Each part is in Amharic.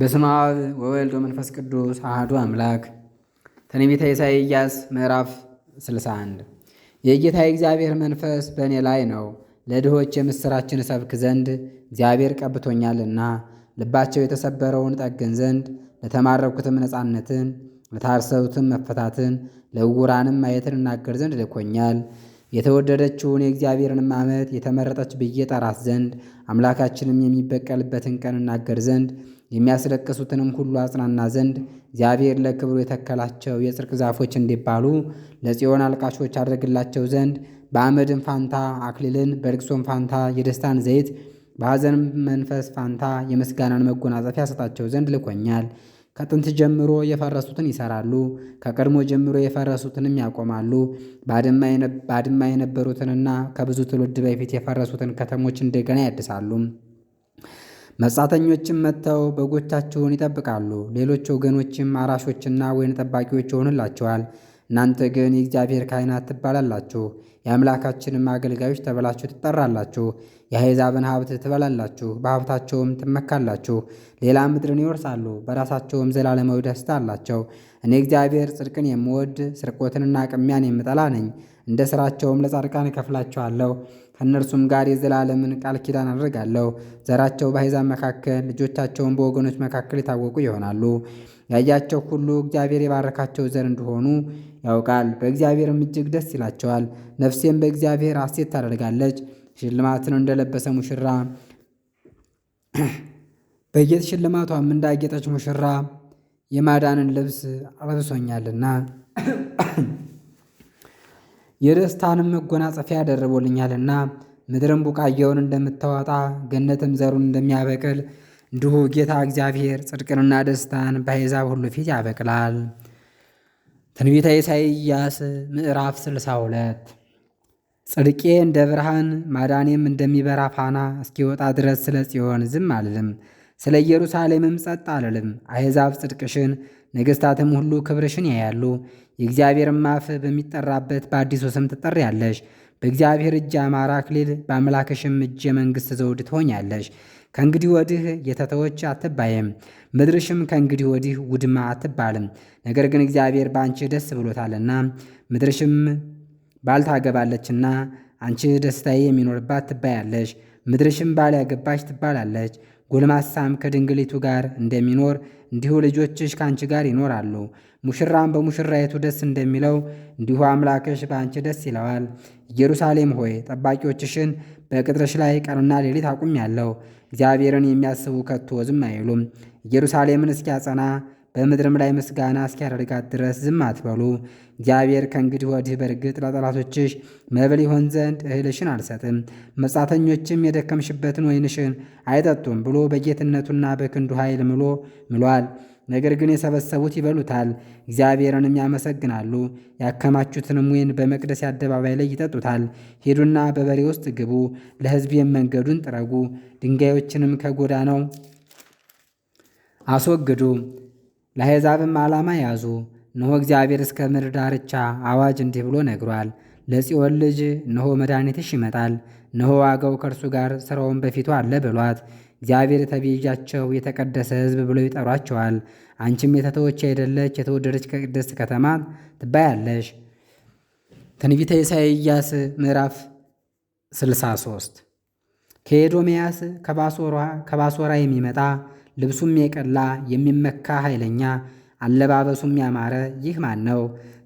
በስመ አብ ወወልድ ወመንፈስ ቅዱስ አህዱ አምላክ። ትንቢተ ኢሳይያስ ምዕራፍ 61 የጌታ የእግዚአብሔር መንፈስ በእኔ ላይ ነው፣ ለድሆች የምሥራችን እሰብክ ዘንድ እግዚአብሔር ቀብቶኛልና፣ ልባቸው የተሰበረውን ጠግን ዘንድ፣ ለተማረኩትም ነፃነትን፣ ለታሰሩትም መፈታትን፣ ለዕውራንም ማየትን እናገር ዘንድ ልኮኛል። የተወደደችውን የእግዚአብሔርን ዓመት የተመረጠች ብዬ ጠራት ዘንድ አምላካችንም የሚበቀልበትን ቀን እናገር ዘንድ የሚያስለቅሱትንም ሁሉ አጽናና ዘንድ እግዚአብሔር ለክብሩ የተከላቸው የጽርቅ ዛፎች እንዲባሉ ለጽዮን አልቃሾች አድርግላቸው ዘንድ በአመድን ፋንታ አክሊልን በልቅሶን ፋንታ የደስታን ዘይት በሐዘን መንፈስ ፋንታ የምስጋናን መጎናጸፊያ ሰጣቸው ዘንድ ልኮኛል። ከጥንት ጀምሮ የፈረሱትን ይሰራሉ፣ ከቀድሞ ጀምሮ የፈረሱትንም ያቆማሉ። ባድማ የነበሩትንና ከብዙ ትውልድ በፊት የፈረሱትን ከተሞች እንደገና ያድሳሉ። መጻተኞችም መጥተው በጎቻችሁን ይጠብቃሉ። ሌሎች ወገኖችም አራሾችና ወይን ጠባቂዎች ይሆኑላችኋል። እናንተ ግን የእግዚአብሔር ካህናት ትባላላችሁ፣ የአምላካችንም አገልጋዮች ተብላችሁ ትጠራላችሁ። የአሕዛብን ሀብት ትበላላችሁ፣ በሀብታቸውም ትመካላችሁ። ሌላ ምድርን ይወርሳሉ፣ በራሳቸውም ዘላለማዊ ደስታ አላቸው። እኔ እግዚአብሔር ጽድቅን የምወድ ስርቆትንና ቅሚያን የምጠላ ነኝ። እንደ ሥራቸውም ለጻድቃን እከፍላቸዋለሁ። ከእነርሱም ጋር የዘላለምን ቃል ኪዳን አድርጋለሁ። ዘራቸው በአሕዛብ መካከል ልጆቻቸውን በወገኖች መካከል የታወቁ ይሆናሉ። ያያቸው ሁሉ እግዚአብሔር የባረካቸው ዘር እንደሆኑ ያውቃል። በእግዚአብሔርም እጅግ ደስ ይላቸዋል። ነፍሴም በእግዚአብሔር አሴት ታደርጋለች። ሽልማትን እንደለበሰ ሙሽራ በጌጥ ሽልማቷም እንዳጌጠች ሙሽራ የማዳንን ልብስ አልብሶኛልና የደስታንም መጎናጸፊያ ያደረቦልኛልና ምድርም ቡቃየውን እንደምታወጣ ገነትም ዘሩን እንደሚያበቅል እንዲሁ ጌታ እግዚአብሔር ጽድቅንና ደስታን በአሕዛብ ሁሉ ፊት ያበቅላል። ትንቢተ ኢሳይያስ ምዕራፍ ስልሳ ሁለት ጽድቄ እንደ ብርሃን ማዳኔም እንደሚበራ ፋና እስኪወጣ ድረስ ስለ ጽዮን ዝም አልልም፣ ስለ ኢየሩሳሌምም ጸጥ አልልም። አሕዛብ ጽድቅሽን ነገሥታትም ሁሉ ክብርሽን ያያሉ። የእግዚአብሔርም አፍ በሚጠራበት በአዲሱ ስም ትጠሪያለሽ። በእግዚአብሔር እጅ አማራ አክሊል በአምላክሽም እጅ የመንግሥት ዘውድ ትሆኛለሽ። ከእንግዲህ ወዲህ የተተወች አትባይም፣ ምድርሽም ከእንግዲህ ወዲህ ውድማ አትባልም። ነገር ግን እግዚአብሔር በአንቺ ደስ ብሎታልና ምድርሽም ባል ታገባለችና አንቺ ደስታዬ የሚኖርባት ትባያለሽ፣ ምድርሽም ባል ያገባች ትባላለች። ጎልማሳም ከድንግሊቱ ጋር እንደሚኖር እንዲሁ ልጆችሽ ከአንቺ ጋር ይኖራሉ። ሙሽራም በሙሽራይቱ ደስ እንደሚለው እንዲሁ አምላክሽ በአንቺ ደስ ይለዋል። ኢየሩሳሌም ሆይ ጠባቂዎችሽን በቅጥርሽ ላይ ቀንና ሌሊት ያለው። እግዚአብሔርን የሚያስቡ ከቶ ዝም አይሉም። ኢየሩሳሌምን እስኪያጸና በምድርም ላይ ምስጋና እስኪያደርጋት ድረስ ዝም አትበሉ። እግዚአብሔር ከእንግዲህ ወዲህ በእርግጥ ለጠላቶችሽ መብል ይሆን ዘንድ እህልሽን አልሰጥም፣ መጻተኞችም የደከምሽበትን ወይንሽን አይጠጡም ብሎ በጌትነቱና በክንዱ ኃይል ምሎ ምሏል። ነገር ግን የሰበሰቡት ይበሉታል፣ እግዚአብሔርንም ያመሰግናሉ። ያከማቹትንም ወይን በመቅደስ አደባባይ ላይ ይጠጡታል። ሂዱና በበሬ ውስጥ ግቡ፣ ለሕዝቤም መንገዱን ጥረጉ፣ ድንጋዮችንም ከጎዳናው አስወግዱ ለአሕዛብም ዓላማ ያዙ። እነሆ እግዚአብሔር እስከ ምድር ዳርቻ አዋጅ እንዲህ ብሎ ነግሯል። ለጽዮን ልጅ እነሆ መድኃኒትሽ ይመጣል፣ እነሆ ዋጋው ከእርሱ ጋር ሥራውን በፊቱ አለ ብሏት። እግዚአብሔር ተቤዣቸው የተቀደሰ ሕዝብ ብለው ይጠሯቸዋል። አንቺም የተተወች አይደለች የተወደደች ከቅድስት ከተማ ትባያለሽ። ትንቢተ ኢሳይያስ ምዕራፍ 63 ከኤዶምያስ ከባሶራ የሚመጣ ልብሱም የቀላ የሚመካ ኃይለኛ፣ አለባበሱም ያማረ ይህ ማን ነው?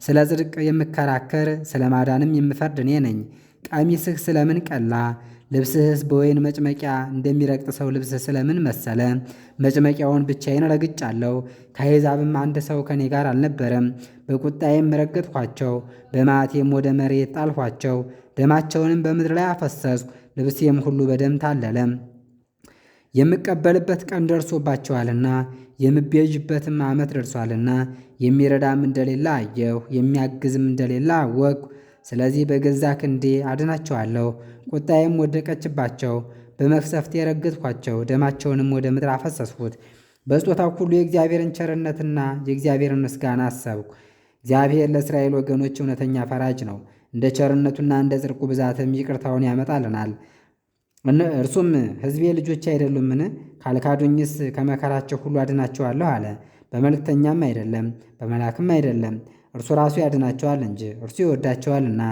ስለ ጽድቅ የምከራከር ስለ ማዳንም የምፈርድ እኔ ነኝ። ቀሚስህ ስለምን ቀላ? ልብስህስ በወይን መጭመቂያ እንደሚረግጥ ሰው ልብስ ስለምን መሰለ? መጭመቂያውን ብቻዬን ረግጫለሁ። ከአሕዛብም አንድ ሰው ከእኔ ጋር አልነበረም። በቁጣዬም ረገጥኳቸው፣ በማቴም ወደ መሬት ጣልኋቸው። ደማቸውንም በምድር ላይ አፈሰስኩ፣ ልብሴም ሁሉ በደም ታለለም። የምቀበልበት ቀን ደርሶባቸዋልና የምቤዥበትም ዓመት ደርሷልና የሚረዳም እንደሌላ አየሁ፣ የሚያግዝም እንደሌላ አወቅሁ። ስለዚህ በገዛ ክንዴ አድናቸዋለሁ። ቁጣዬም ወደቀችባቸው፣ በመቅሰፍቴ ረገጥኳቸው፣ ደማቸውንም ወደ ምድር አፈሰስሁት። በስጦታው ሁሉ የእግዚአብሔርን ቸርነትና የእግዚአብሔርን ምስጋና አሰብኩ። እግዚአብሔር ለእስራኤል ወገኖች እውነተኛ ፈራጅ ነው፣ እንደ ቸርነቱና እንደ ጽድቁ ብዛትም ይቅርታውን ያመጣልናል። እርሱም ሕዝቤ ልጆች አይደሉምን? ካልካዱኝስ ከመከራቸው ሁሉ አድናቸዋለሁ አለ። በመልእክተኛም አይደለም በመላክም አይደለም፣ እርሱ ራሱ ያድናቸዋል እንጂ እርሱ ይወዳቸዋልና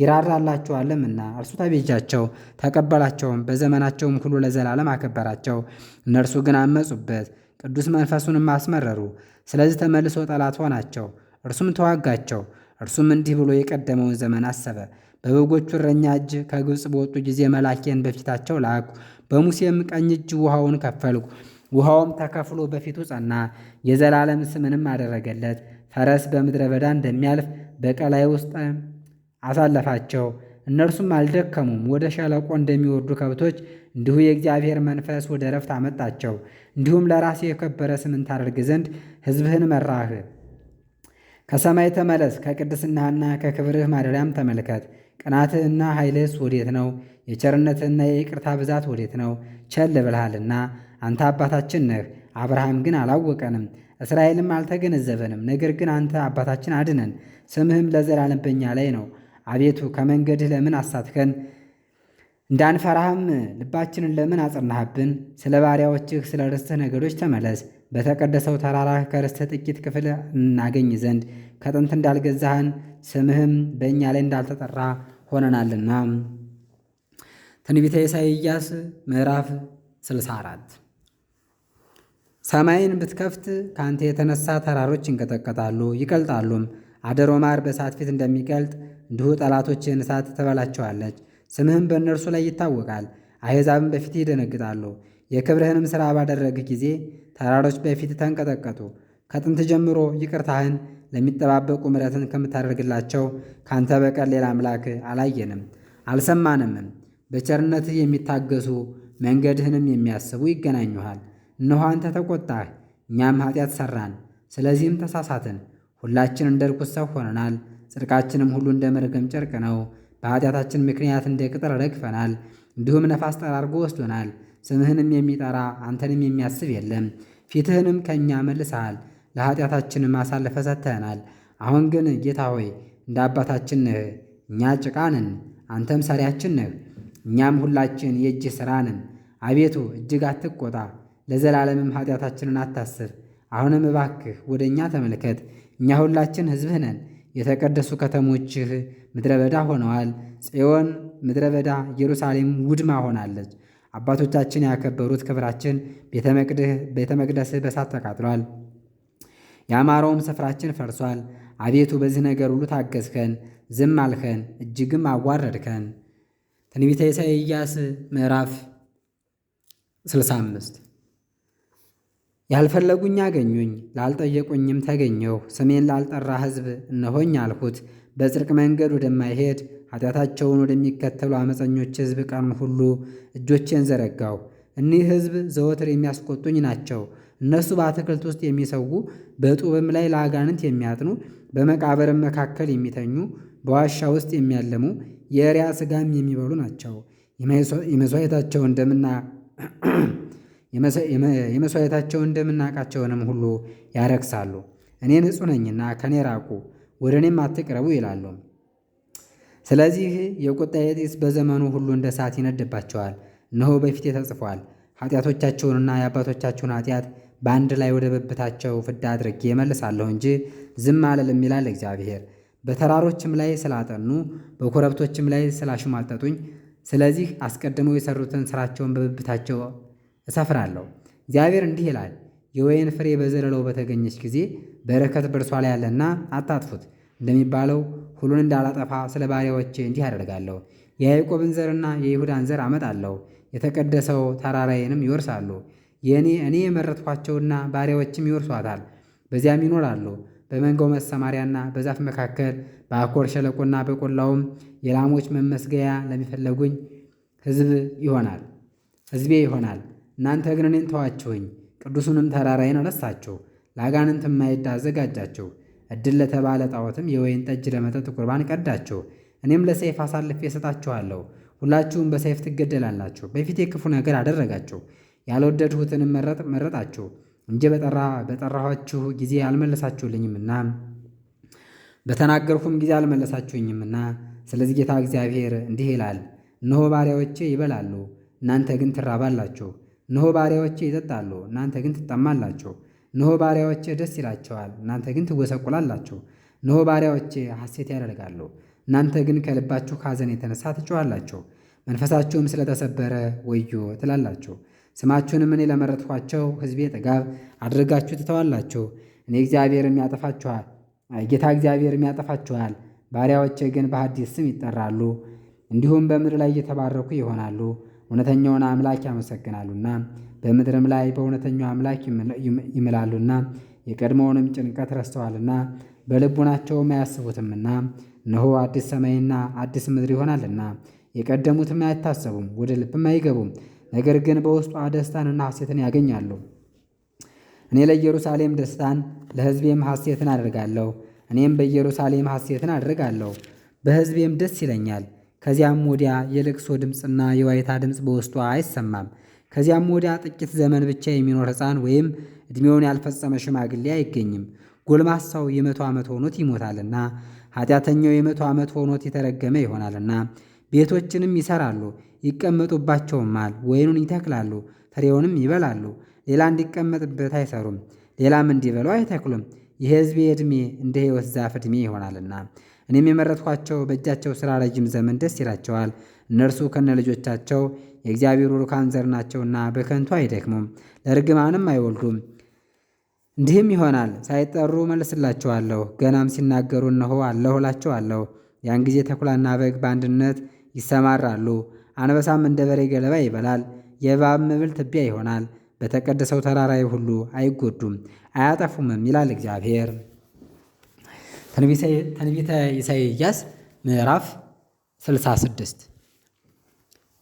ይራራላቸዋልምና። እርሱ ተቤጃቸው፣ ተቀበላቸውም፣ በዘመናቸውም ሁሉ ለዘላለም አከበራቸው። እነርሱ ግን አመጹበት፣ ቅዱስ መንፈሱንም አስመረሩ። ስለዚህ ተመልሶ ጠላት ሆናቸው፣ እርሱም ተዋጋቸው። እርሱም እንዲህ ብሎ የቀደመውን ዘመን አሰበ በበጎቹ እረኛ እጅ ከግብፅ በወጡ ጊዜ መላኬን በፊታቸው ላኩ። በሙሴም ቀኝ እጅ ውሃውን ከፈልኩ። ውሃውም ተከፍሎ በፊቱ ጸና። የዘላለም ስምንም አደረገለት። ፈረስ በምድረ በዳ እንደሚያልፍ በቀላይ ውስጥ አሳለፋቸው። እነርሱም አልደከሙም። ወደ ሸለቆ እንደሚወርዱ ከብቶች እንዲሁ የእግዚአብሔር መንፈስ ወደ ረፍት አመጣቸው። እንዲሁም ለራሴ የከበረ ስምን ታደርግ ዘንድ ሕዝብህን መራህ። ከሰማይ ተመለስ፣ ከቅድስናህና ከክብርህ ማደሪያም ተመልከት። ቅናትህና ኃይልህስ ወዴት ነው? የቸርነትህና የይቅርታ ብዛት ወዴት ነው? ቸል ብልሃልና አንተ አባታችን ነህ። አብርሃም ግን አላወቀንም፣ እስራኤልም አልተገነዘበንም። ነገር ግን አንተ አባታችን አድነን፣ ስምህም ለዘላለም በእኛ ላይ ነው። አቤቱ ከመንገድህ ለምን አሳትከን? እንዳንፈራህም ልባችንን ለምን አጽናህብን? ስለ ባሪያዎችህ ስለ ርስትህ ነገዶች ተመለስ። በተቀደሰው ተራራህ ከርስትህ ጥቂት ክፍል እናገኝ ዘንድ ከጥንት እንዳልገዛህን ስምህም በእኛ ላይ እንዳልተጠራ ሆነናልና። ትንቢተ ኢሳይያስ ምዕራፍ 64 ሰማይን ብትከፍት ከአንተ የተነሳ ተራሮች ይንቀጠቀጣሉ ይቀልጣሉም። አደሮ ማር በእሳት ፊት እንደሚቀልጥ እንዲሁ ጠላቶችህን እሳት ትበላቸዋለች። ስምህም በእነርሱ ላይ ይታወቃል። አሕዛብም በፊት ይደነግጣሉ። የክብርህንም ሥራ ባደረግህ ጊዜ ተራሮች በፊት ተንቀጠቀጡ። ከጥንት ጀምሮ ይቅርታህን ለሚጠባበቁ ምረትን ከምታደርግላቸው ካንተ በቀር ሌላ አምላክ አላየንም አልሰማንምም። በቸርነትህ የሚታገሱ መንገድህንም የሚያስቡ ይገናኙሃል። እነሆ አንተ ተቆጣህ፣ እኛም ኃጢአት ሠራን፣ ስለዚህም ተሳሳትን። ሁላችን እንደ ርኩስ ሰው ሆነናል፣ ጽድቃችንም ሁሉ እንደ መርገም ጨርቅ ነው። በኃጢአታችን ምክንያት እንደ ቅጥር ረግፈናል፣ እንዲሁም ነፋስ ጠራርጎ ወስዶናል። ስምህንም የሚጠራ አንተንም የሚያስብ የለም። ፊትህንም ከእኛ መልሰሃል ለኃጢአታችን ማሳለፈ ሰጥተኸናል። አሁን ግን ጌታ ሆይ እንደ አባታችን ነህ፣ እኛ ጭቃ ነን፣ አንተም ሰሪያችን ነህ፣ እኛም ሁላችን የእጅ ሥራ ነን። አቤቱ እጅግ አትቆጣ፣ ለዘላለምም ኃጢአታችንን አታስብ። አሁንም እባክህ ወደ እኛ ተመልከት፣ እኛ ሁላችን ሕዝብህ ነን። የተቀደሱ ከተሞችህ ምድረ በዳ ሆነዋል። ጽዮን ምድረ በዳ፣ ኢየሩሳሌም ውድማ ሆናለች። አባቶቻችን ያከበሩት ክብራችን ቤተ መቅደስህ በእሳት ተቃጥሏል። ያማረውም ስፍራችን ፈርሷል። አቤቱ በዚህ ነገር ሁሉ ታገዝከን፣ ዝም አልከን፣ እጅግም አዋረድከን። ትንቢተ ኢሳይያስ ምዕራፍ 65 ያልፈለጉኝ አገኙኝ፣ ላልጠየቁኝም ተገኘሁ። ስሜን ላልጠራ ሕዝብ እነሆኝ አልሁት። በጽድቅ መንገድ ወደማይሄድ ኃጢአታቸውን ወደሚከተሉ ዓመፀኞች ሕዝብ ቀኑን ሁሉ እጆቼን ዘረጋሁ። እኒህ ሕዝብ ዘወትር የሚያስቆጡኝ ናቸው። እነሱ በአትክልት ውስጥ የሚሰዉ በጡብም ላይ ለአጋንንት የሚያጥኑ በመቃብርም መካከል የሚተኙ በዋሻ ውስጥ የሚያልሙ የእሪያ ስጋም የሚበሉ ናቸው። የመሥዋዕታቸውን ደምና ሁሉ ያረክሳሉ። እኔ ንጹሕ ነኝና ከኔ ራቁ፣ ወደ እኔም አትቅረቡ ይላሉ። ስለዚህ የቁጣ ጢስ በዘመኑ ሁሉ እንደ እሳት ይነድባቸዋል። እነሆ በፊቴ ተጽፏል። ኃጢአቶቻቸውንና የአባቶቻችሁን ኃጢአት በአንድ ላይ ወደ ብብታቸው ፍዳ አድርጌ እመልሳለሁ እንጂ ዝም አልልም ይላል እግዚአብሔር። በተራሮችም ላይ ስላጠኑ በኮረብቶችም ላይ ስላሽሟጠጡኝ፣ ስለዚህ አስቀድመው የሰሩትን ስራቸውን በብብታቸው እሰፍራለሁ። እግዚአብሔር እንዲህ ይላል፣ የወይን ፍሬ በዘለለው በተገኘች ጊዜ በረከት በእርሷ ላይ ያለና አታጥፉት እንደሚባለው ሁሉን እንዳላጠፋ ስለ ባሪያዎቼ እንዲህ አደርጋለሁ። የያዕቆብን ዘርና የይሁዳን ዘር አመጣለሁ፣ የተቀደሰው ተራራዬንም ይወርሳሉ። የእኔ እኔ የመረጥኳቸውና ባሪያዎችም ይወርሷታል፣ በዚያም ይኖራሉ። በመንጋው መሰማሪያና በዛፍ መካከል በአኮር ሸለቆና በቆላውም የላሞች መመስገያ ለሚፈለጉኝ ሕዝብ ይሆናል ሕዝቤ ይሆናል። እናንተ ግን እኔን ተዋችሁኝ፣ ቅዱሱንም ተራራዬን አነሳችሁ፣ ለአጋንንት ማዕድ አዘጋጃችሁ፣ እድል ለተባለ ጣዖትም የወይን ጠጅ ለመጠጥ ቁርባን ቀዳችሁ። እኔም ለሰይፍ አሳልፌ እሰጣችኋለሁ፣ ሁላችሁም በሰይፍ ትገደላላችሁ። በፊቴ ክፉ ነገር አደረጋችሁ። ያልወደድሁትን መረጥ መረጣችሁ እንጂ በጠራ በጠራኋችሁ ጊዜ አልመለሳችሁልኝምና በተናገርኩም ጊዜ አልመለሳችሁኝምና ስለዚህ ጌታ እግዚአብሔር እንዲህ ይላል፣ እነሆ ባሪያዎቼ ይበላሉ፣ እናንተ ግን ትራባላችሁ። እነሆ ባሪያዎቼ ይጠጣሉ፣ እናንተ ግን ትጠማላችሁ። እነሆ ባሪያዎቼ ደስ ይላቸዋል፣ እናንተ ግን ትጎሰቁላላችሁ። እነሆ ባሪያዎቼ ሐሴት ያደርጋሉ፣ እናንተ ግን ከልባችሁ ካዘን የተነሳ ትጮኻላችሁ፣ መንፈሳችሁም ስለተሰበረ ወዮ ትላላችሁ። ስማችሁንም እኔ ለመረጥኳቸው ሕዝቤ ጥጋብ አድርጋችሁ ትተዋላችሁ። እኔ እግዚአብሔርም ያጠፋችኋል ጌታ እግዚአብሔርም ያጠፋችኋል። ባሪያዎቼ ግን በሐዲስ ስም ይጠራሉ፣ እንዲሁም በምድር ላይ እየተባረኩ ይሆናሉ። እውነተኛውን አምላክ ያመሰግናሉና በምድርም ላይ በእውነተኛው አምላክ ይምላሉና የቀድሞውንም ጭንቀት ረስተዋልና በልቡናቸውም አያስቡትምና እነሆ አዲስ ሰማይና አዲስ ምድር ይሆናልና የቀደሙትም አይታሰቡም፣ ወደ ልብም አይገቡም። ነገር ግን በውስጧ ደስታንና ሐሴትን ያገኛሉ። እኔ ለኢየሩሳሌም ደስታን ለሕዝቤም ሐሴትን አደርጋለሁ። እኔም በኢየሩሳሌም ሐሴትን አደርጋለሁ፣ በሕዝቤም ደስ ይለኛል። ከዚያም ወዲያ የልቅሶ ድምፅና የዋይታ ድምፅ በውስጧ አይሰማም። ከዚያም ወዲያ ጥቂት ዘመን ብቻ የሚኖር ሕፃን ወይም ዕድሜውን ያልፈጸመ ሽማግሌ አይገኝም። ጎልማሳው የመቶ ዓመት ሆኖት ይሞታልና ኃጢአተኛው የመቶ ዓመት ሆኖት የተረገመ ይሆናልና ቤቶችንም ይሰራሉ፣ ይቀመጡባቸውማል ወይኑን ይተክላሉ ፍሬውንም ይበላሉ ሌላ እንዲቀመጥበት አይሰሩም። ሌላም እንዲበላው አይተክሉም የሕዝቤ ዕድሜ እንደ ሕይወት ዛፍ ዕድሜ ይሆናልና እኔም የመረጥኳቸው በእጃቸው ሥራ ረጅም ዘመን ደስ ይላቸዋል እነርሱ ከነልጆቻቸው የእግዚአብሔር ቡሩካን ዘር ናቸውና በከንቱ አይደክሙም ለርግማንም አይወልዱም እንዲህም ይሆናል ሳይጠሩ መልስላቸዋለሁ፣ ገናም ሲናገሩ እነሆ አለሁ ያን ጊዜ ተኩላና በግ በአንድነት ይሰማራሉ። አንበሳም እንደ በሬ ገለባ ይበላል፣ የእባብ መብል ትቢያ ይሆናል። በተቀደሰው ተራራዬ ሁሉ አይጎዱም አያጠፉምም ይላል እግዚአብሔር። ትንቢተ ኢሳይያስ ምዕራፍ 66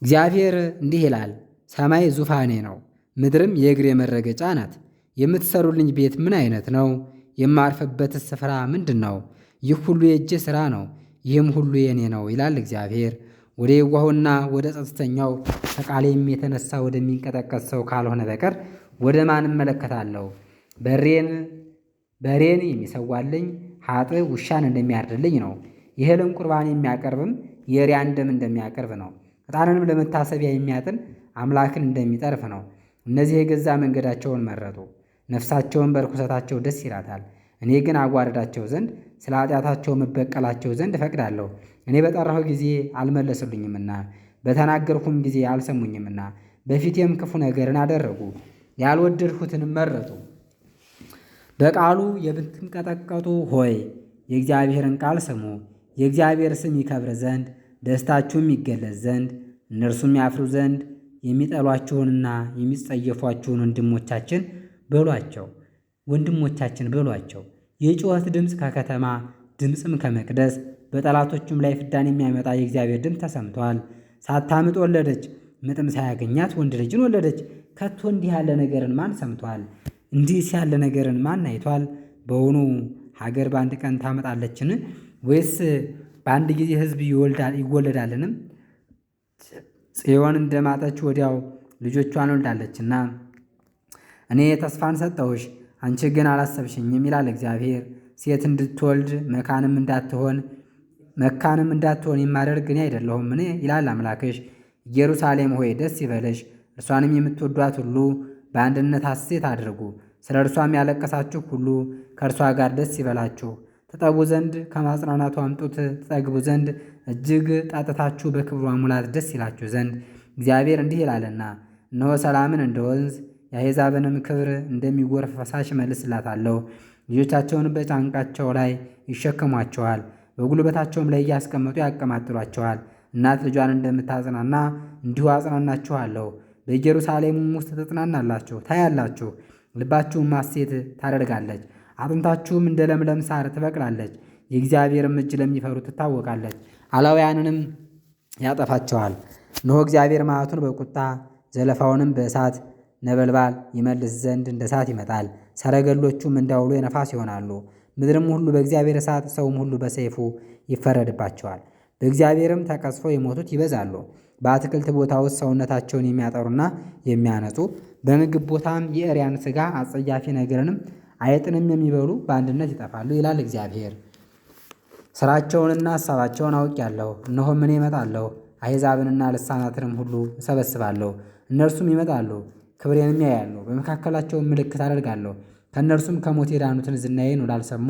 እግዚአብሔር እንዲህ ይላል፣ ሰማይ ዙፋኔ ነው፣ ምድርም የእግሬ መረገጫ ናት። የምትሰሩልኝ ቤት ምን አይነት ነው? የማርፍበት ስፍራ ምንድን ነው? ይህ ሁሉ የእጄ ሥራ ነው፣ ይህም ሁሉ የእኔ ነው ይላል እግዚአብሔር። ወደ የዋሁና ወደ ጸጥተኛው ከቃሌም የተነሳ ወደሚንቀጠቀስ ሰው ካልሆነ በቀር ወደ ማን እመለከታለሁ? በሬን በሬን የሚሰዋልኝ ሀጥእ ውሻን እንደሚያርድልኝ ነው። የእህልን ቁርባን የሚያቀርብም የእሪያን ደም እንደሚያቀርብ ነው። ዕጣንንም ለመታሰቢያ የሚያጥን አምላክን እንደሚጠርፍ ነው። እነዚህ የገዛ መንገዳቸውን መረጡ፣ ነፍሳቸውን በርኩሰታቸው ደስ ይላታል። እኔ ግን አዋርዳቸው ዘንድ ስለ ኃጢአታቸው መበቀላቸው ዘንድ እፈቅዳለሁ። እኔ በጠራሁ ጊዜ አልመለሱልኝምና በተናገርኩም ጊዜ አልሰሙኝምና በፊቴም ክፉ ነገርን አደረጉ፣ ያልወደድሁትንም መረጡ። በቃሉ የምትንቀጠቀጡ ሆይ የእግዚአብሔርን ቃል ስሙ። የእግዚአብሔር ስም ይከብር ዘንድ ደስታችሁም ይገለጽ ዘንድ እነርሱም ያፍሩ ዘንድ የሚጠሏችሁንና የሚጸየፏችሁን ወንድሞቻችን በሏቸው ወንድሞቻችን በሏቸው። የጩኸት ድምፅ ከከተማ ድምፅም ከመቅደስ በጠላቶቹም ላይ ፍዳን የሚያመጣ የእግዚአብሔር ድምፅ ተሰምቷል። ሳታምጥ ወለደች፣ ምጥም ሳያገኛት ወንድ ልጅን ወለደች። ከቶ እንዲህ ያለ ነገርን ማን ሰምቷል? እንዲህ ያለ ነገርን ማን አይቷል? በውኑ ሀገር በአንድ ቀን ታመጣለችን? ወይስ በአንድ ጊዜ ሕዝብ ይወለዳልንም? ጽዮን እንደማጠች ወዲያው ልጆቿን ወልዳለችና እኔ ተስፋን ሰጠሁሽ፣ አንቺ ግን አላሰብሽኝም ይላል እግዚአብሔር። ሴት እንድትወልድ መካንም እንዳትሆን መካንም እንዳትሆን የማደርግ እኔ አይደለሁም ምን ይላል አምላክሽ። ኢየሩሳሌም ሆይ ደስ ይበልሽ፣ እርሷንም የምትወዷት ሁሉ በአንድነት ሐሴት አድርጉ። ስለ እርሷም ያለቀሳችሁ ሁሉ ከእርሷ ጋር ደስ ይበላችሁ። ትጠቡ ዘንድ ከማጽናናቱ አምጡት፣ ትጠግቡ ዘንድ እጅግ ጠጥታችሁ በክብሯ ሙላት ደስ ይላችሁ ዘንድ እግዚአብሔር እንዲህ ይላልና እነሆ ሰላምን እንደ ወንዝ የአሕዛብንም ክብር እንደሚጎርፍ ፈሳሽ መልስላታለሁ። ልጆቻቸውን በጫንቃቸው ላይ ይሸከሟቸዋል። በጉልበታቸውም ላይ እያስቀመጡ ያቀማጥሏቸዋል። እናት ልጇን እንደምታጽናና እንዲሁ አጽናናችኋለሁ። በኢየሩሳሌምም ውስጥ ትጽናናላችሁ፣ ታያላችሁ። ልባችሁም ማሴት ታደርጋለች፣ አጥንታችሁም እንደ ለምለም ሳር ትበቅላለች። የእግዚአብሔርም እጅ ለሚፈሩ ትታወቃለች፣ አላውያንንም ያጠፋቸዋል። እነሆ እግዚአብሔር መዓቱን በቁጣ ዘለፋውንም በእሳት ነበልባል ይመልስ ዘንድ እንደ እሳት ይመጣል። ሰረገሎቹም እንዳውሎ የነፋስ ይሆናሉ። ምድርም ሁሉ በእግዚአብሔር እሳት፣ ሰውም ሁሉ በሰይፉ ይፈረድባቸዋል። በእግዚአብሔርም ተቀስፎ የሞቱት ይበዛሉ። በአትክልት ቦታ ውስጥ ሰውነታቸውን የሚያጠሩና የሚያነጹ በምግብ ቦታም የእሪያን ሥጋ አጸያፊ ነገርንም አይጥንም የሚበሉ በአንድነት ይጠፋሉ ይላል እግዚአብሔር። ሥራቸውንና ሐሳባቸውን አውቄአለሁ። እነሆም እኔ እመጣለሁ፣ አሕዛብንና ልሳናትንም ሁሉ እሰበስባለሁ። እነርሱም ይመጣሉ፣ ክብሬንም ያያሉ። በመካከላቸውም ምልክት አደርጋለሁ ከእነርሱም ከሞት የዳኑትን ዝናዬን ወዳልሰሙ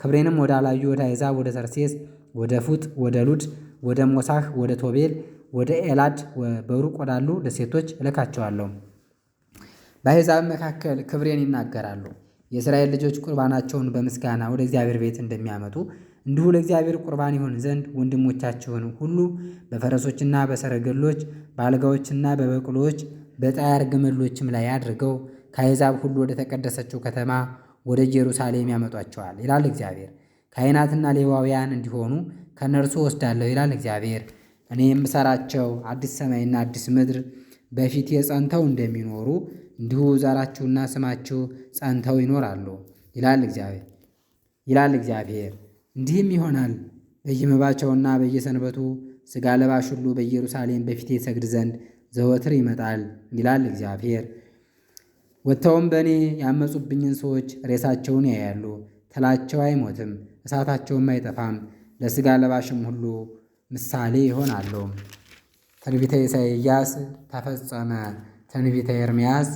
ክብሬንም ወዳላዩ ወደ አሕዛብ ወደ ተርሴስ ወደ ፉጥ ወደ ሉድ ወደ ሞሳህ ወደ ቶቤል ወደ ኤላድ በሩቅ ወዳሉ ደሴቶች እልካቸዋለሁ። በአሕዛብ መካከል ክብሬን ይናገራሉ። የእስራኤል ልጆች ቁርባናቸውን በምስጋና ወደ እግዚአብሔር ቤት እንደሚያመጡ እንዲሁ ለእግዚአብሔር ቁርባን ይሆን ዘንድ ወንድሞቻችሁን ሁሉ በፈረሶችና በሰረገሎች በአልጋዎችና በበቅሎዎች በጣያር ግመሎችም ላይ አድርገው ከአሕዛብ ሁሉ ወደ ተቀደሰችው ከተማ ወደ ኢየሩሳሌም ያመጧቸዋል ይላል እግዚአብሔር። ካህናትና ሌዋውያን እንዲሆኑ ከእነርሱ ወስዳለሁ ይላል እግዚአብሔር። እኔ የምሰራቸው አዲስ ሰማይና አዲስ ምድር በፊቴ የጸንተው እንደሚኖሩ እንዲሁ ዘራችሁና ስማችሁ ጸንተው ይኖራሉ ይላል እግዚአብሔር ይላል እግዚአብሔር። እንዲህም ይሆናል በየመባቸውና በየሰንበቱ ስጋ ለባሽ ሁሉ በኢየሩሳሌም በፊቴ ሰግድ ዘንድ ዘወትር ይመጣል ይላል እግዚአብሔር። ወጥተውም በእኔ ያመፁብኝን ሰዎች ሬሳቸውን ያያሉ፣ ትላቸው አይሞትም፣ እሳታቸውም አይጠፋም፣ ለሥጋ ለባሽም ሁሉ ምሳሌ ይሆናሉ። ትንቢተ ኢሳይያስ ተፈጸመ። ትንቢተ ኤርምያስ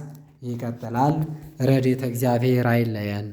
ይቀጥላል። ረድኤተ እግዚአብሔር አይለየን።